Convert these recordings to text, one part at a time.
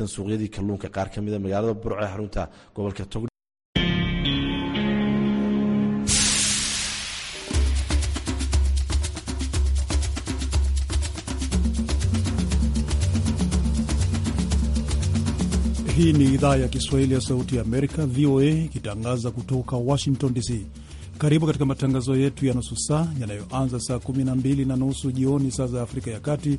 haysan suuqyadii kalluunka qaar ka a ah magaalada burco ee xarunta gobolka tog Hii ni idhaa ya Kiswahili ya Sauti ya Amerika, VOA, ikitangaza kutoka Washington DC. Karibu katika matangazo yetu ya nusu saa yanayoanza saa 12 na nusu jioni saa za Afrika ya Kati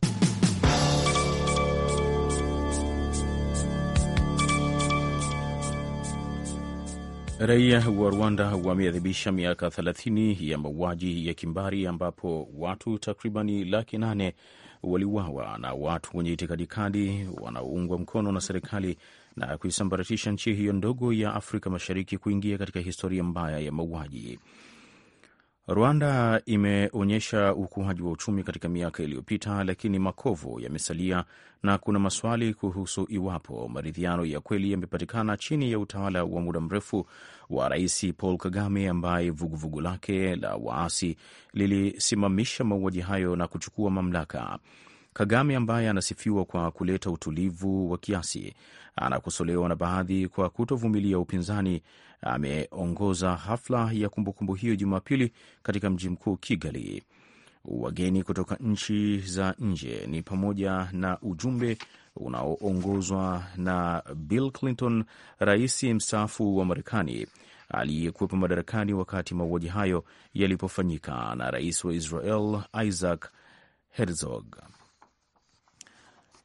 Raia wa Rwanda wameadhibisha miaka 30 ya mauaji ya kimbari ambapo watu takribani laki nane waliuawa na watu wenye itikadi kali wanaoungwa mkono na serikali na kuisambaratisha nchi hiyo ndogo ya Afrika Mashariki kuingia katika historia mbaya ya mauaji. Rwanda imeonyesha ukuaji wa uchumi katika miaka iliyopita, lakini makovu yamesalia na kuna maswali kuhusu iwapo maridhiano ya kweli yamepatikana chini ya utawala wa muda mrefu wa Rais Paul Kagame, ambaye vuguvugu vugu lake la waasi lilisimamisha mauaji hayo na kuchukua mamlaka. Kagame ambaye anasifiwa kwa kuleta utulivu wa kiasi, anakosolewa na baadhi kwa kutovumilia upinzani. Ameongoza hafla ya kumbukumbu kumbu hiyo Jumapili katika mji mkuu Kigali. Wageni kutoka nchi za nje ni pamoja na ujumbe unaoongozwa na Bill Clinton, rais mstaafu wa Marekani aliyekuwepo madarakani wakati mauaji hayo yalipofanyika, na rais wa Israel Isaac Herzog.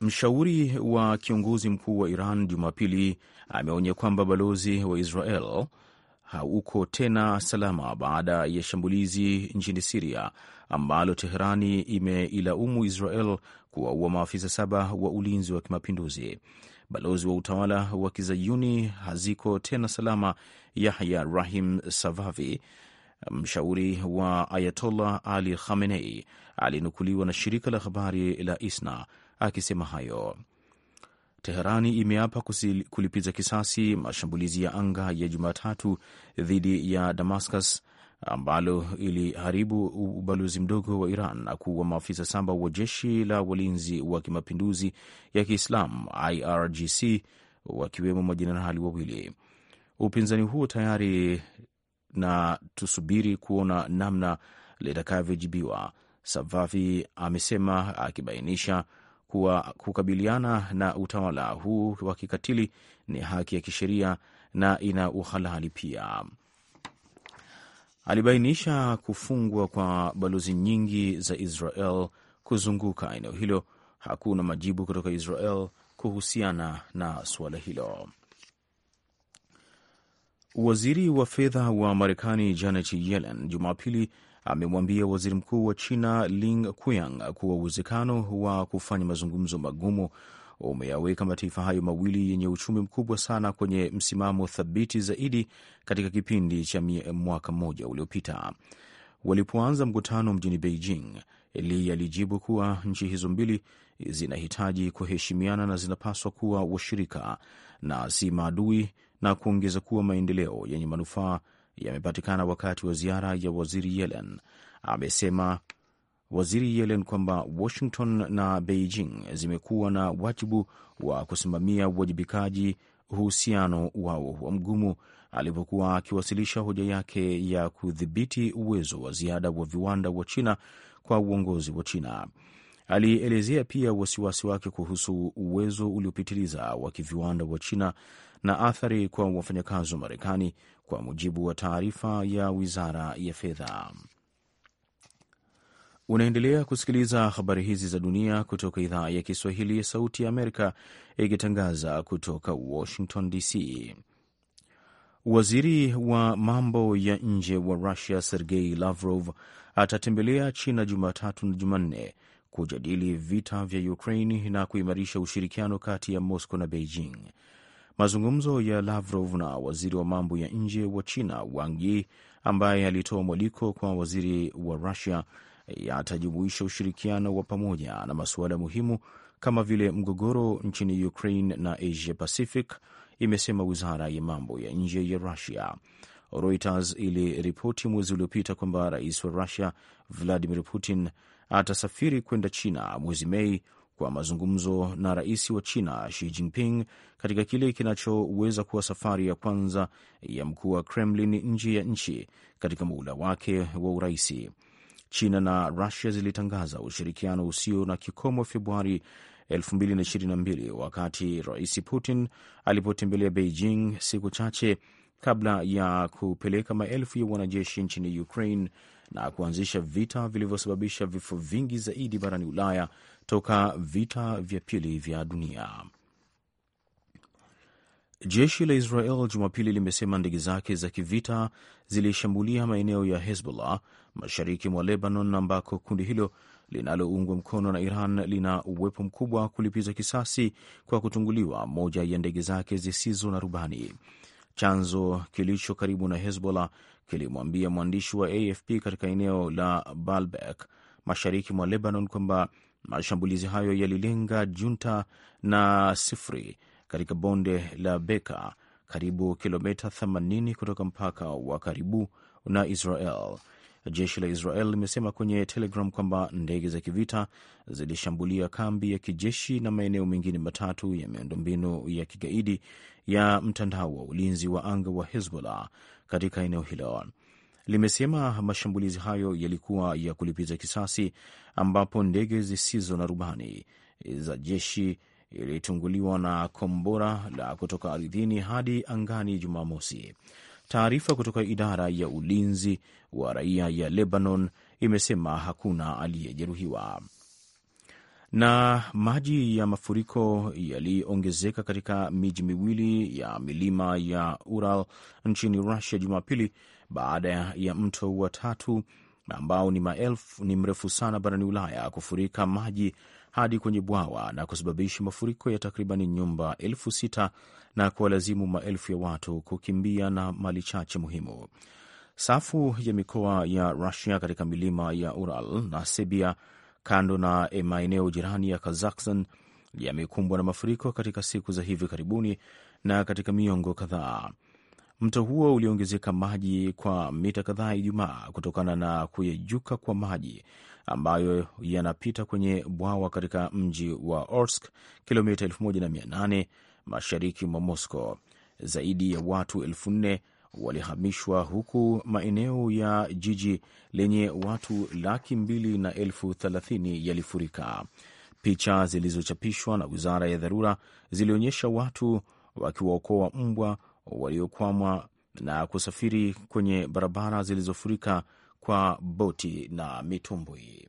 Mshauri wa kiongozi mkuu wa Iran Jumapili ameonya kwamba balozi wa Israel hauko tena salama baada ya shambulizi nchini Siria ambalo Teherani imeilaumu Israel kuwaua maafisa saba wa ulinzi wa kimapinduzi. Balozi wa utawala wa kizayuni haziko tena salama, Yahya Rahim Savavi mshauri wa Ayatollah Ali Khamenei alinukuliwa na shirika la habari la ISNA akisema hayo. Teherani imeapa kulipiza kisasi mashambulizi ya anga ya Jumatatu dhidi ya Damascus ambalo iliharibu ubalozi mdogo wa Iran na kuua maafisa saba wa jeshi la walinzi wa kimapinduzi ya kiislam IRGC wakiwemo majenerali wawili. Upinzani huo tayari na tusubiri kuona namna litakavyojibiwa, savavi amesema akibainisha kuwa kukabiliana na utawala huu wa kikatili ni haki ya kisheria na ina uhalali pia. Alibainisha kufungwa kwa balozi nyingi za Israel kuzunguka eneo hilo. Hakuna majibu kutoka Israel kuhusiana na suala hilo. Waziri wa fedha wa Marekani Janet Yellen Jumapili amemwambia waziri mkuu wa China ling Qiang kuwa uwezekano wa kufanya mazungumzo magumu umeyaweka mataifa hayo mawili yenye uchumi mkubwa sana kwenye msimamo thabiti zaidi katika kipindi cha mwaka mmoja uliopita. Walipoanza mkutano mjini Beijing, Li alijibu kuwa nchi hizo mbili zinahitaji kuheshimiana na zinapaswa kuwa washirika na si maadui na kuongeza kuwa maendeleo yenye manufaa yamepatikana wakati wa ziara ya waziri Yellen. Amesema waziri Yellen kwamba Washington na Beijing zimekuwa na wajibu wa kusimamia uwajibikaji uhusiano wao wa mgumu alipokuwa akiwasilisha hoja yake ya kudhibiti uwezo wa ziada wa viwanda wa China kwa uongozi wa China. Alielezea pia wasiwasi wake kuhusu uwezo uliopitiliza wa kiviwanda wa China na athari kwa wafanyakazi wa Marekani, kwa mujibu wa taarifa ya wizara ya fedha. Unaendelea kusikiliza habari hizi za dunia kutoka idhaa ya Kiswahili ya Sauti ya Amerika, ikitangaza kutoka Washington DC. Waziri wa mambo ya nje wa Rusia Sergei Lavrov atatembelea China Jumatatu na Jumanne kujadili vita vya Ukraine na kuimarisha ushirikiano kati ya Moscow na Beijing. Mazungumzo ya Lavrov na waziri wa mambo ya nje wa China Wang Yi, ambaye alitoa mwaliko kwa waziri wa Rusia, yatajumuisha ushirikiano wa pamoja na masuala muhimu kama vile mgogoro nchini Ukraine na Asia Pacific, imesema wizara ya mambo ya nje ya Rusia. Reuters iliripoti mwezi uliopita kwamba rais wa Rusia Vladimir Putin atasafiri kwenda China mwezi Mei kwa mazungumzo na rais wa China Xi Jinping katika kile kinachoweza kuwa safari ya kwanza ya mkuu wa Kremlin nje ya nchi katika muhula wake wa uraisi. China na Rusia zilitangaza ushirikiano usio na kikomo Februari 2022 wakati Rais Putin alipotembelea Beijing siku chache kabla ya kupeleka maelfu ya wanajeshi nchini Ukraine na kuanzisha vita vilivyosababisha vifo vingi zaidi barani Ulaya toka vita vya pili vya dunia. Jeshi la Israel Jumapili limesema ndege zake za kivita zilishambulia maeneo ya Hezbollah mashariki mwa Lebanon, ambako kundi hilo linaloungwa mkono na Iran lina uwepo mkubwa kulipiza kisasi kwa kutunguliwa moja ya ndege zake zisizo na rubani. Chanzo kilicho karibu na Hezbollah kilimwambia mwandishi wa AFP katika eneo la Baalbek mashariki mwa Lebanon kwamba mashambulizi hayo yalilenga Junta na Sifri katika bonde la Beka, karibu kilomita 80 kutoka mpaka wa karibu na Israel. Jeshi la Israel limesema kwenye Telegram kwamba ndege za kivita zilishambulia kambi ya kijeshi na maeneo mengine matatu ya miundombinu ya kigaidi ya mtandao wa ulinzi wa anga wa Hezbollah katika eneo hilo. Limesema mashambulizi hayo yalikuwa ya kulipiza kisasi, ambapo ndege zisizo na rubani za jeshi ilitunguliwa na kombora la kutoka ardhini hadi angani Jumamosi. Taarifa kutoka idara ya ulinzi wa raia ya Lebanon imesema hakuna aliyejeruhiwa na maji ya mafuriko yaliongezeka katika miji miwili ya milima ya Ural nchini Rusia Jumapili baada ya mto wa tatu ambao ni maelfu ni mrefu sana barani Ulaya kufurika maji hadi kwenye bwawa na kusababisha mafuriko ya takribani nyumba elfu sita na kuwalazimu maelfu ya watu kukimbia na mali chache muhimu. Safu ya mikoa ya Rusia katika milima ya Ural na sebia kando na eh, maeneo jirani ya Kazakhstan yamekumbwa na mafuriko katika siku za hivi karibuni na katika miongo kadhaa. Mto huo uliongezeka maji kwa mita kadhaa Ijumaa kutokana na kuyejuka kwa maji ambayo yanapita kwenye bwawa katika mji wa Orsk, kilomita 1800 mashariki mwa Moscow. Zaidi ya watu elfu nne walihamishwa huku maeneo ya jiji lenye watu laki mbili na elfu thelathini yalifurika. Picha zilizochapishwa na wizara ya dharura zilionyesha watu wakiwaokoa mbwa waliokwamwa na kusafiri kwenye barabara zilizofurika kwa boti na mitumbwi.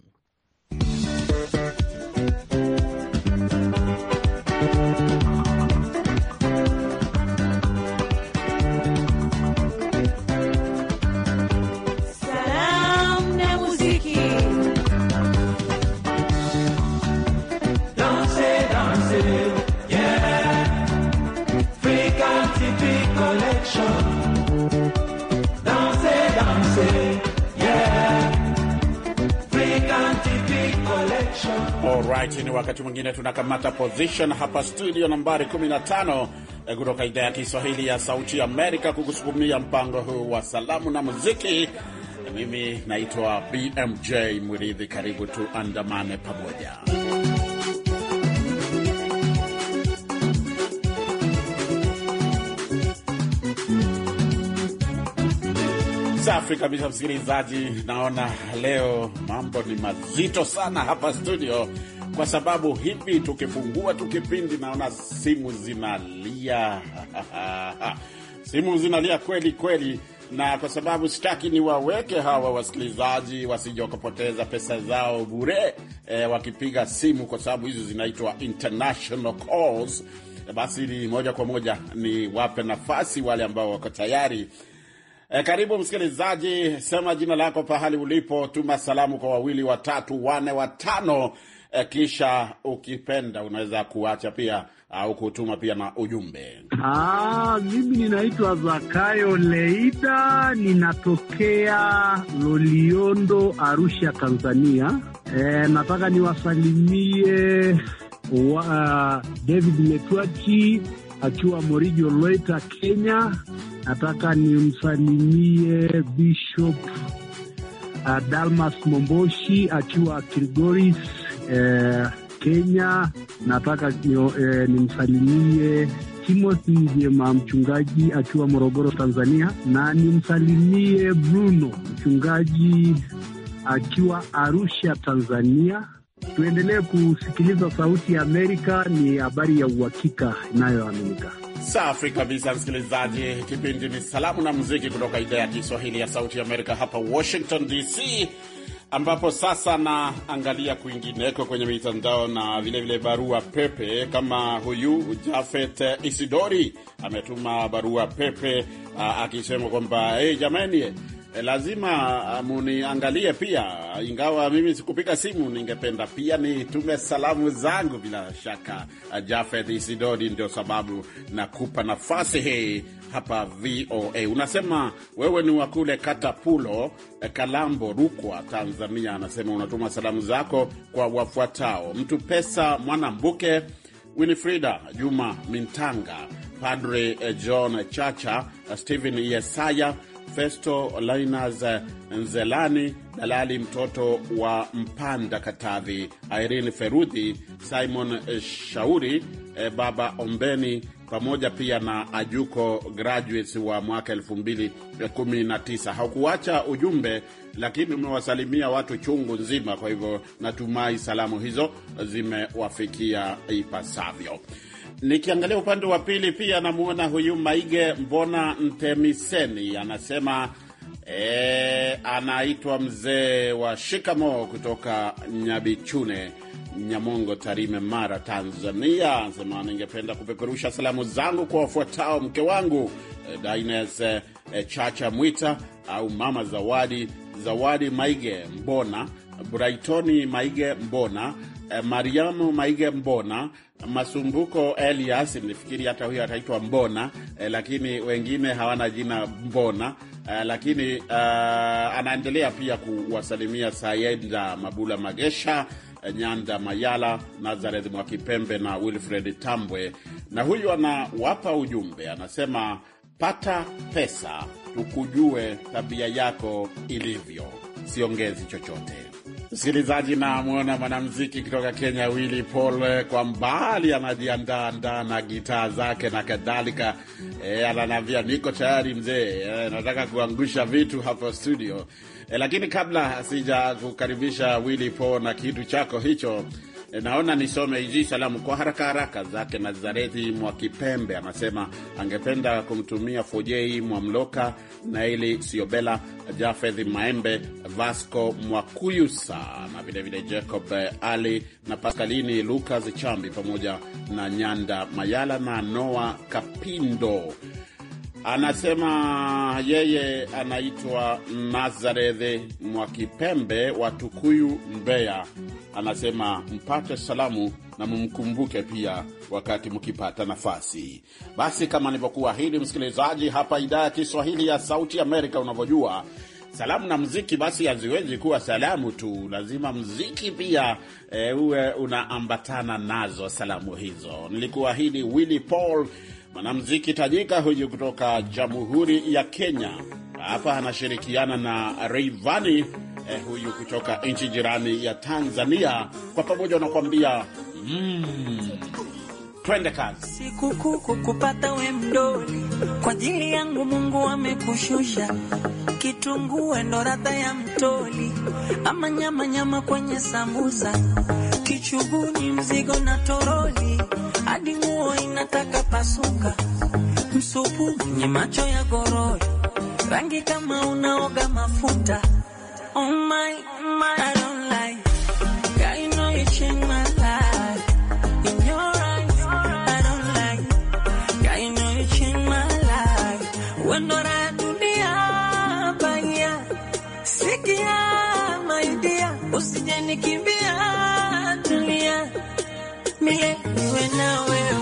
Alright, ni wakati mwingine tunakamata position hapa studio nambari 15 eh, kutoka idhaa ya Kiswahili ya Sauti Amerika kukusukumia mpango huu wa salamu na muziki. Eh, mimi naitwa BMJ Mridhi, karibu tuandamane pamoja. Safi kabisa, msikilizaji, naona leo mambo ni mazito sana hapa studio kwa sababu hivi tukifungua tu kipindi naona simu zinalia simu zinalia kweli kweli, na kwa sababu sitaki niwaweke hawa wasikilizaji wasije wakapoteza pesa zao bure e, wakipiga simu, kwa sababu hizi zinaitwa international calls. Eh, basi ni moja kwa moja ni wape nafasi wale ambao wako tayari. E, karibu msikilizaji, sema jina lako, pahali ulipo, tuma salamu kwa wawili, watatu, wane, watano Eh, kisha ukipenda unaweza kuacha pia au ah, kutuma pia na ujumbe. Ah, mimi ninaitwa Zakayo Leida, ninatokea Loliondo, Arusha, Tanzania. E, nataka niwasalimie wa, ah, David Metwaki akiwa Morijo Loita, Kenya. Nataka nimsalimie Bishop Dalmas Momboshi akiwa Kilgoris eh, Kenya. Nataka eh, nimsalimie Timothy Njema, mchungaji akiwa Morogoro, Tanzania, na nimsalimie Bruno, mchungaji akiwa Arusha, Tanzania. Tuendelee kusikiliza Sauti ya Amerika, ni habari ya uhakika inayoaminika. Safi kabisa, msikilizaji. Kipindi ni Salamu na Muziki kutoka idhaa ya Kiswahili ya Sauti ya Amerika hapa Washington DC ambapo sasa naangalia kwingineko kwenye mitandao na vilevile vile barua pepe. Kama huyu Jafet Isidori ametuma barua pepe akisema kwamba hey, jamani eh, lazima muniangalie pia, ingawa mimi sikupiga simu, ningependa pia nitume salamu zangu. Bila shaka, Jafeth Isidori, ndio sababu nakupa nafasi hii hapa VOA. Unasema wewe ni wa kule Katapulo, eh, Kalambo, Rukwa, Tanzania. Anasema unatuma salamu zako kwa wafuatao: mtu pesa Mwanambuke, Winifrida Juma Mintanga, Padre eh, John Chacha, eh, Stephen Yesaya, Festo Lainas Nzelani, Dalali mtoto wa Mpanda Katavi, Irene Ferudhi, Simon Shauri, Baba Ombeni pamoja pia na Ajuko graduates wa mwaka 2019. Haukuacha ujumbe, lakini umewasalimia watu chungu nzima. Kwa hivyo natumai salamu hizo zimewafikia ipasavyo. Nikiangalia upande wa pili, pia namwona huyu Maige Mbona Ntemiseni anasema E, anaitwa mzee wa shikamo kutoka Nyabichune Nyamongo, Tarime, Mara, Tanzania, anasema ningependa kupeperusha salamu zangu kwa wafuatao: mke wangu eh, Daines eh, Chacha Mwita au mama Zawadi, Zawadi Maige Mbona, Brightoni Maige Mbona, eh, Mariamu Maige Mbona, Masumbuko Elias, nifikiri hata huyo ataitwa Mbona lakini wengine hawana jina Mbona Uh, lakini uh, anaendelea pia kuwasalimia Sayenda Mabula Magesha Nyanda Mayala, Nazareth Mwakipembe na Wilfred Tambwe. Na huyu anawapa ujumbe, anasema pata pesa tukujue tabia yako ilivyo, siongezi chochote. Msikilizaji, namwona mwanamziki kutoka Kenya Willy Paul eh, kwa mbali anajiandaa ndaa na gitaa zake na kadhalika. E, eh, ananiambia niko tayari mzee, e, nataka kuangusha vitu hapo studio. E, lakini kabla sija kukaribisha Willy Paul na kitu chako hicho Naona nisome hizi salamu kwa haraka haraka zake. Nazareti mwa Kipembe anasema angependa kumtumia Fojei Mwamloka, Naili Siobela, Jafedhi Maembe, Vasco Mwakuyusa na vilevile Jacob eh, Ali na Paskalini Lukas Chambi pamoja na Nyanda Mayala na Noa Kapindo. Anasema yeye anaitwa Nazareth Mwakipembe wa Tukuyu, Mbeya. Anasema mpate salamu na mumkumbuke pia wakati mkipata nafasi. Basi kama nilivyokuahidi, msikilizaji, hapa idhaa ya Kiswahili ya Sauti Amerika, unavyojua salamu na mziki basi haziwezi kuwa salamu tu, lazima mziki pia e, uwe unaambatana nazo salamu hizo. Nilikuahidi Willy Paul Mwanamuziki tajika huyu kutoka Jamhuri ya Kenya hapa anashirikiana na Rayvanny eh, huyu kutoka nchi jirani ya Tanzania. Kwa pamoja wanakuambia mm. Twende kazi. Sikukuu kukupata we mdoli, kwa ajili yangu Mungu amekushusha. Kitunguu ndo radha ya mtoli, ama nyama nyama kwenye sambusa, kichuguni mzigo na toroli hadi inataka pasuka, msupu mwenye macho ya gororo, rangi kama unaoga mafuta. Oh my, oh my, I don't like. dunia baya, sikia my dear, usijanikimbia, tulia. Mie, niwe na wewe.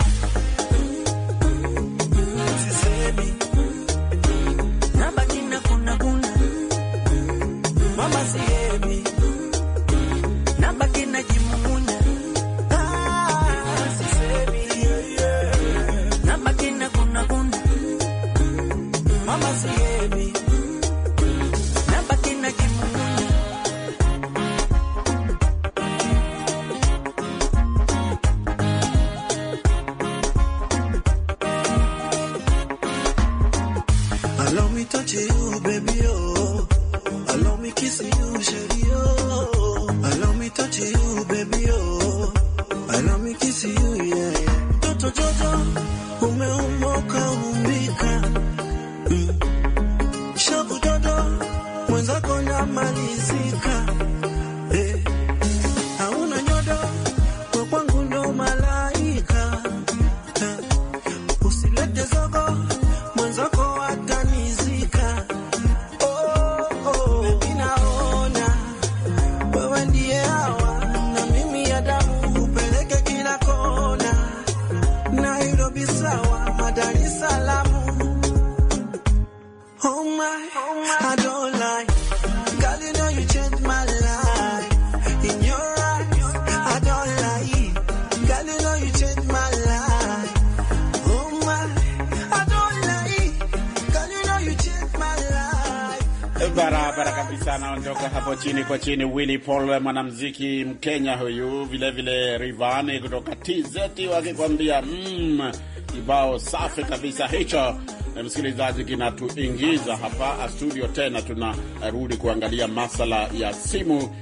así. nchini Willy Paul, mwanamziki Mkenya huyu, vilevile Rivani kutoka TZ wakikwambia mm, kibao safi kabisa hicho. Eh, msikilizaji, kinatuingiza hapa studio tena, tunarudi kuangalia masala ya simu.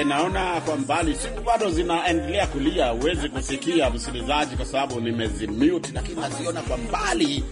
E, naona kwa mbali simu bado zinaendelea kulia, huwezi kusikia msikilizaji, kwa sababu nimezimute, lakini naziona kwa mbali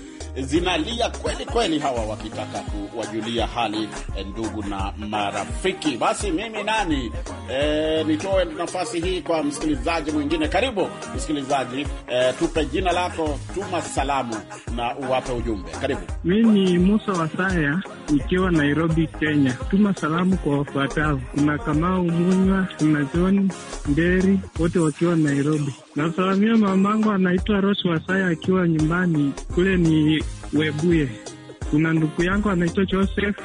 zinalia kweli kweli, hawa wakitaka kuwajulia hali eh, ndugu na marafiki. Basi mimi nani e, nitoe nafasi hii kwa msikilizaji mwingine. Karibu msikilizaji, e, tupe jina lako, tuma salamu na uwape ujumbe. Karibu. Mi ni Musa Wasaya ikiwa Nairobi, Kenya. Tuma salamu kwa wafuatao: kuna Kamau Munywa, kuna joni Nderi, wote wakiwa Nairobi. Nasalamia mamangu anaitwa Rosi Wasaya akiwa nyumbani kule ni Webuye. Kuna ndugu yangu anaitwa Joseph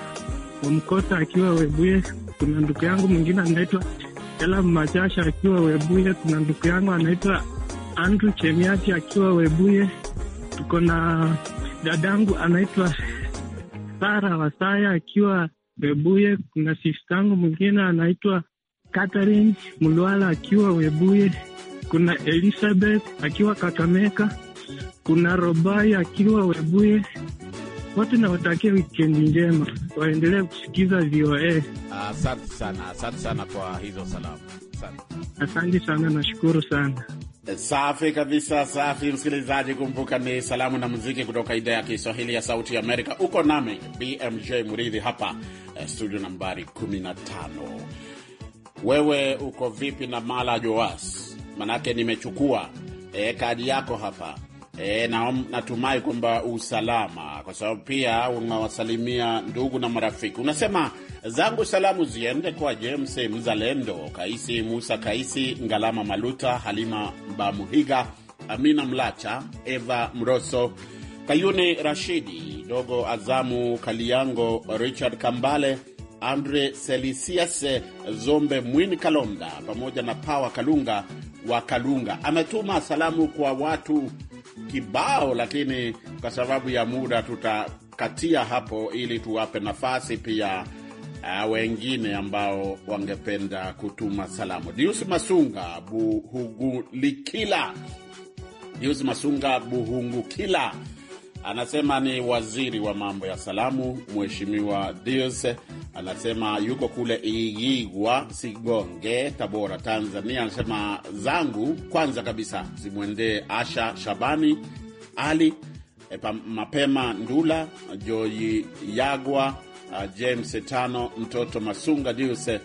Wamkota akiwa Webuye. Kuna ndugu yangu mwingine anaitwa Ela Majasha akiwa Webuye. Kuna ndugu yangu anaitwa Andrew Chemiati akiwa Webuye. Tuko na dadangu anaitwa Sara Wasaya akiwa Webuye. Kuna sistangu mwingine anaitwa Catherine Mlwala akiwa Webuye. Kuna Elizabeth akiwa Kakameka kuna Robai akiwa Webuye. Watu nawatakia wikendi njema, waendelee kusikiza VOA. Asante sana, asante sana kwa hizo salamu, asante, sana, nashukuru sana. Safi kabisa, safi msikilizaji. Kumbuka ni salamu na muziki kutoka idhaa ya Kiswahili ya Sauti Amerika. Uko nami BMJ Muridhi hapa eh, studio nambari 15. Wewe uko vipi na mala Joas? Manake nimechukua e, kadi yako hapa E, na, natumai kwamba usalama, kwa sababu pia unawasalimia ndugu na marafiki. Unasema zangu salamu ziende kwa James Mzalendo, Kaisi Musa, Kaisi Ngalama, Maluta Halima Bamuhiga, Amina Mlacha, Eva Mroso, Kayuni Rashidi, Dogo Azamu Kaliango, Richard Kambale, Andre Selisias Zombe, Mwini Kalonda pamoja na Pawa Kalunga wa Kalunga. Ametuma salamu kwa watu kibao, lakini kwa sababu ya muda tutakatia hapo ili tuwape nafasi pia uh, wengine ambao wangependa kutuma salamu. Dius Masunga Buhugulikila, Dius Masunga Buhungukila Anasema ni waziri wa mambo ya salamu, Mheshimiwa Dils Anasema yuko kule Igigwa, Sigonge, Tabora, Tanzania. Anasema zangu kwanza kabisa zimwendee Asha Shabani Ali Epa, mapema Ndula Joyi Yagwa Ah, James Tano, mtoto Masunga Deus, eh,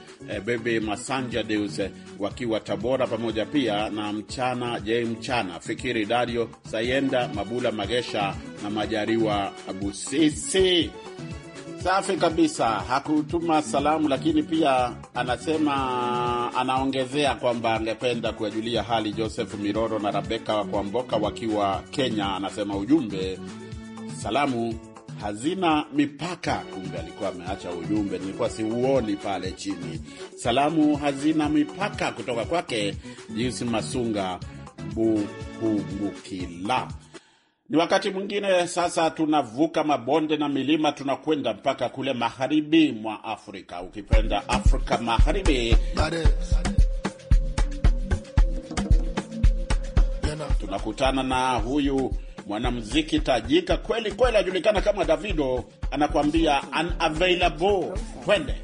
Baby Masanja Deus eh, wakiwa Tabora, pamoja pia na Mchana J Mchana, Fikiri Dario, Sayenda Mabula, Magesha na Majariwa Busisi. Safi kabisa, hakutuma salamu lakini pia anasema anaongezea kwamba angependa kuwajulia hali Joseph Miroro na Rabeka Kwamboka wakiwa Kenya. Anasema ujumbe salamu hazina mipaka. Kumbe alikuwa ameacha ujumbe, nilikuwa siuoni pale chini. Salamu hazina mipaka kutoka kwake Jinsi Masunga Bukumbukila. Ni wakati mwingine sasa, tunavuka mabonde na milima, tunakwenda mpaka kule magharibi mwa Afrika, ukipenda Afrika Magharibi. Tunakutana na huyu mwanamuziki tajika kweli kweli, anajulikana kama Davido, anakuambia unavailable. Twende.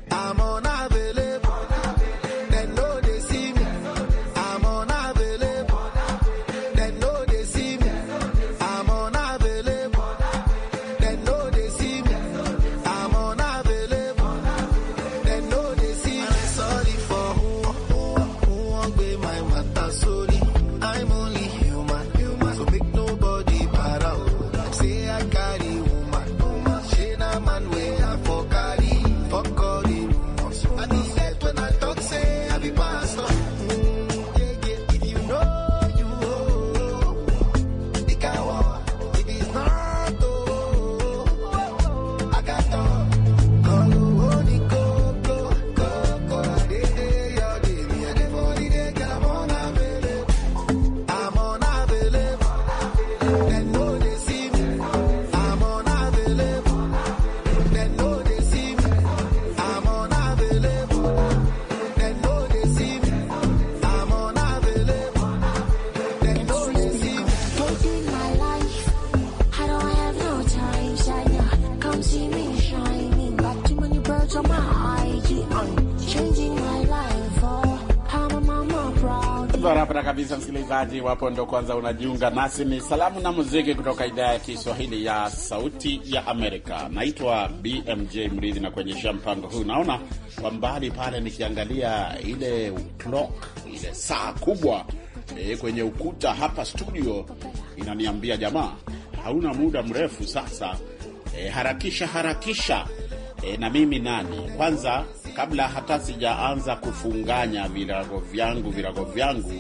msikilizaji, iwapo ndo kwanza unajiunga nasi, ni salamu na muziki kutoka idhaa ya Kiswahili ya Sauti ya Amerika. Naitwa BMJ Mridhi na kuonyesha mpango huu. Naona kwa mbali pale nikiangalia ile clock, ile saa kubwa e, kwenye ukuta hapa studio inaniambia jamaa, hauna muda mrefu sasa e, harakisha harakisha e, na mimi nani kwanza kabla hata sijaanza kufunganya virago vyangu virago vyangu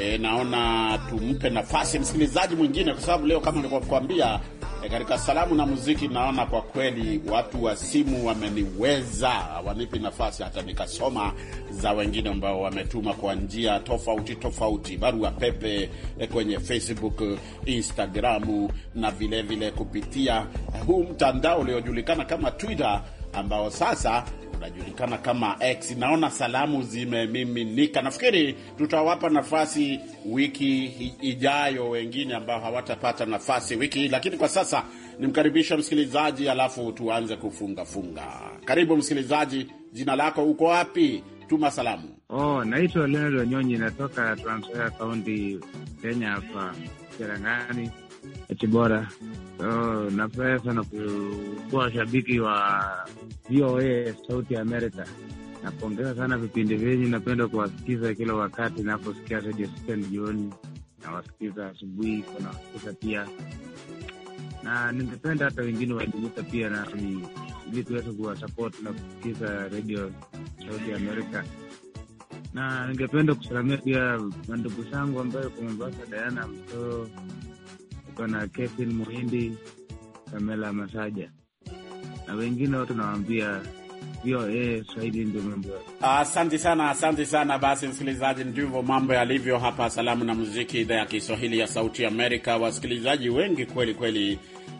E, naona tumpe nafasi msikilizaji mwingine, kwa sababu leo kama nilivyokuambia e, katika salamu na muziki, naona kwa kweli watu wa simu wameniweza, wanipi nafasi hata nikasoma za wengine ambao wametuma kwa njia tofauti tofauti, barua pepe e, kwenye Facebook, Instagramu na vilevile vile kupitia huu mtandao uliojulikana kama Twitter ambao sasa unajulikana kama X. Naona salamu zimemiminika, nafikiri tutawapa nafasi wiki ijayo wengine ambao hawatapata nafasi wiki hii, lakini kwa sasa nimkaribisha msikilizaji, alafu tuanze kufungafunga. Karibu msikilizaji, jina lako, uko wapi? Tuma salamu. Oh, naitwa Leonard Wanyonyi, natoka Trans kaundi Kaunti, Kenya, hapa Cherangani, Echibora na pesa sana kuwa shabiki wa VOA Sauti ya Amerika. Napongeza sana vipindi vyenyu, napenda kuwasikiza kila wakati naposikia Radio Citizen jioni, nawasikiza asubuhi, nawasikiza pia na ningependa hata wengine wajumuika pia nami ili tuweze kuwasapoti na kusikiza Radio Sauti ya Amerika na ningependa kusalamia pia mandugu zangu ambayo kwa Mombasa, Diana Mtoo tuko na Kevin Muhindi, Kamela Masaja na wengine wote nawaambia eh, Asante sana, asante sana. Basi msikilizaji, ndivyo mambo yalivyo hapa Salamu na Muziki, idhaa ya Kiswahili ya Sauti Amerika. Wasikilizaji wengi kweli kweli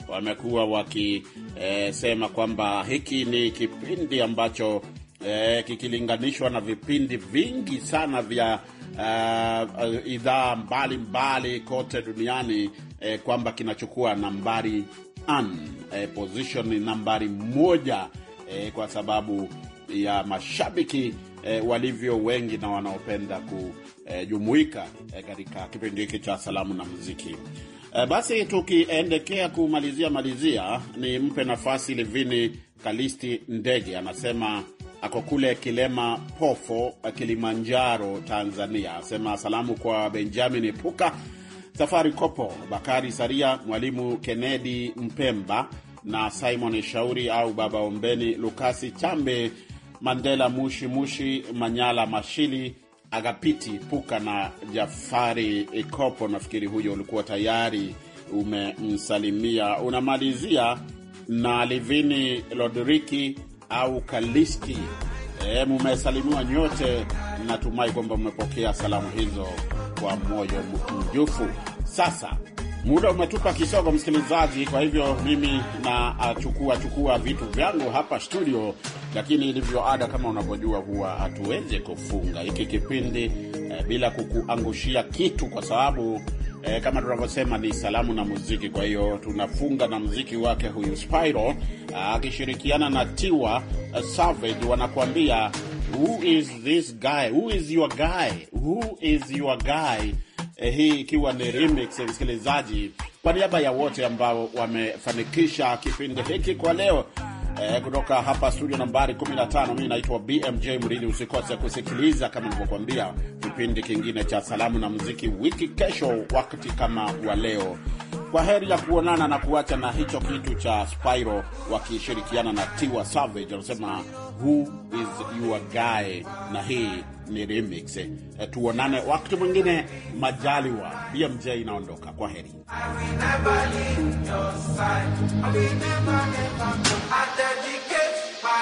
wamekuwa wakisema eh, kwamba hiki ni kipindi ambacho eh, kikilinganishwa na vipindi vingi sana vya Uh, uh, idhaa mbalimbali kote duniani eh, kwamba kinachukua nambari an, eh, position nambari moja eh, kwa sababu ya mashabiki eh, walivyo wengi na wanaopenda kujumuika eh, katika kipindi hiki cha salamu na muziki. Eh, basi tukiendekea kumalizia malizia, ni mpe nafasi Livini Kalisti Ndege anasema ako kule Kilema Pofo, Kilimanjaro, Tanzania, asema salamu kwa Benjamin Puka, Safari Kopo, Bakari Saria, Mwalimu kenedi Mpemba na Simon Shauri au Baba Ombeni, Lukasi Chambe, Mandela Mushi Mushi, Manyala Mashili, Agapiti Puka na Jafari Kopo. Nafikiri huyo ulikuwa tayari umemsalimia. Unamalizia na Livini Lodriki au Kaliski. E, mumesalimiwa nyote, natumai kwamba mmepokea salamu hizo kwa moyo mkunjufu. Sasa muda umetupa kisogo, msikilizaji, kwa hivyo mimi nachukua chukua vitu vyangu hapa studio, lakini ilivyo ada, kama unavyojua, huwa hatuweze kufunga hiki kipindi eh, bila kukuangushia kitu, kwa sababu E, kama tunavyosema ni salamu na muziki. Kwa hiyo tunafunga na muziki wake huyu Spyro ah, akishirikiana na Tiwa eh, Savage, wanakuambia who is this guy, who is your guy, who is your guy. E, hii ikiwa ni remix, msikilizaji, kwa niaba ya wote ambao wamefanikisha kipindi hiki kwa leo eh, kutoka hapa studio nambari 15. Mimi naitwa BMJ Mridhi. Usikose kusikiliza kama nilivyokuambia kipindi kingine cha salamu na muziki wiki kesho wakati kama wa leo. Kwa heri ya kuonana na kuacha na hicho kitu cha Spyro wakishirikiana na Tiwa Savage, anasema who is your guy, na hii ni remix. Eh, tuonane wakati mwingine majaliwa. BMJ inaondoka, kwa heri. I will never leave your side. I will never, never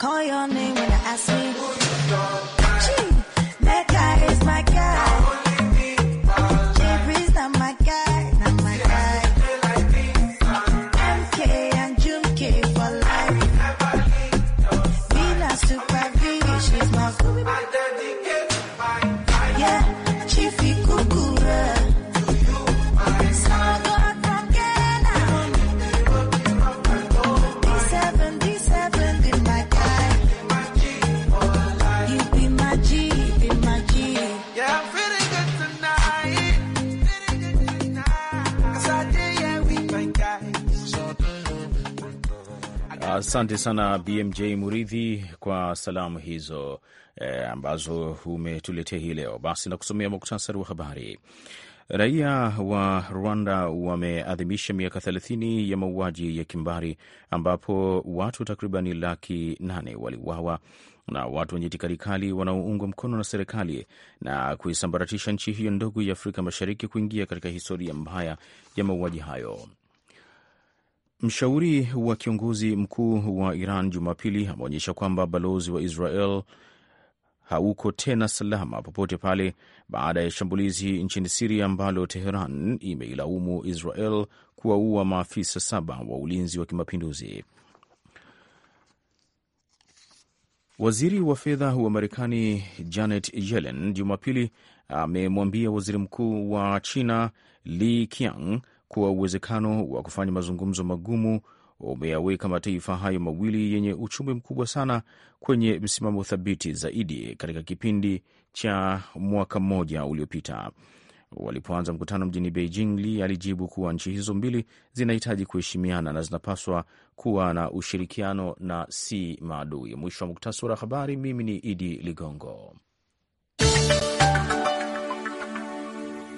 call your name when I ask me. Asante sana BMJ Muridhi kwa salamu hizo e, ambazo umetuletea hii leo. Basi na kusomea muktasari wa habari. Raia wa Rwanda wameadhimisha miaka 30 ya mauaji ya kimbari ambapo watu takribani laki nane waliuawa na watu wenye itikadi kali wanaoungwa mkono na serikali na kuisambaratisha nchi hiyo ndogo ya Afrika Mashariki kuingia katika historia mbaya ya mauaji hayo. Mshauri wa kiongozi mkuu wa Iran Jumapili ameonyesha kwamba balozi wa Israel hauko tena salama popote pale baada ya shambulizi nchini Siria ambalo Teheran imeilaumu Israel kuwaua maafisa saba wa ulinzi wa kimapinduzi. Waziri wa fedha wa Marekani Janet Yellen Jumapili amemwambia waziri mkuu wa China Li Qiang kuwa uwezekano wa kufanya mazungumzo magumu umeyaweka mataifa hayo mawili yenye uchumi mkubwa sana kwenye msimamo thabiti zaidi katika kipindi cha mwaka mmoja uliopita. Walipoanza mkutano mjini Beijing, Li alijibu kuwa nchi hizo mbili zinahitaji kuheshimiana na zinapaswa kuwa na ushirikiano na si maadui. Mwisho wa muktasari wa habari. Mimi ni Idi Ligongo.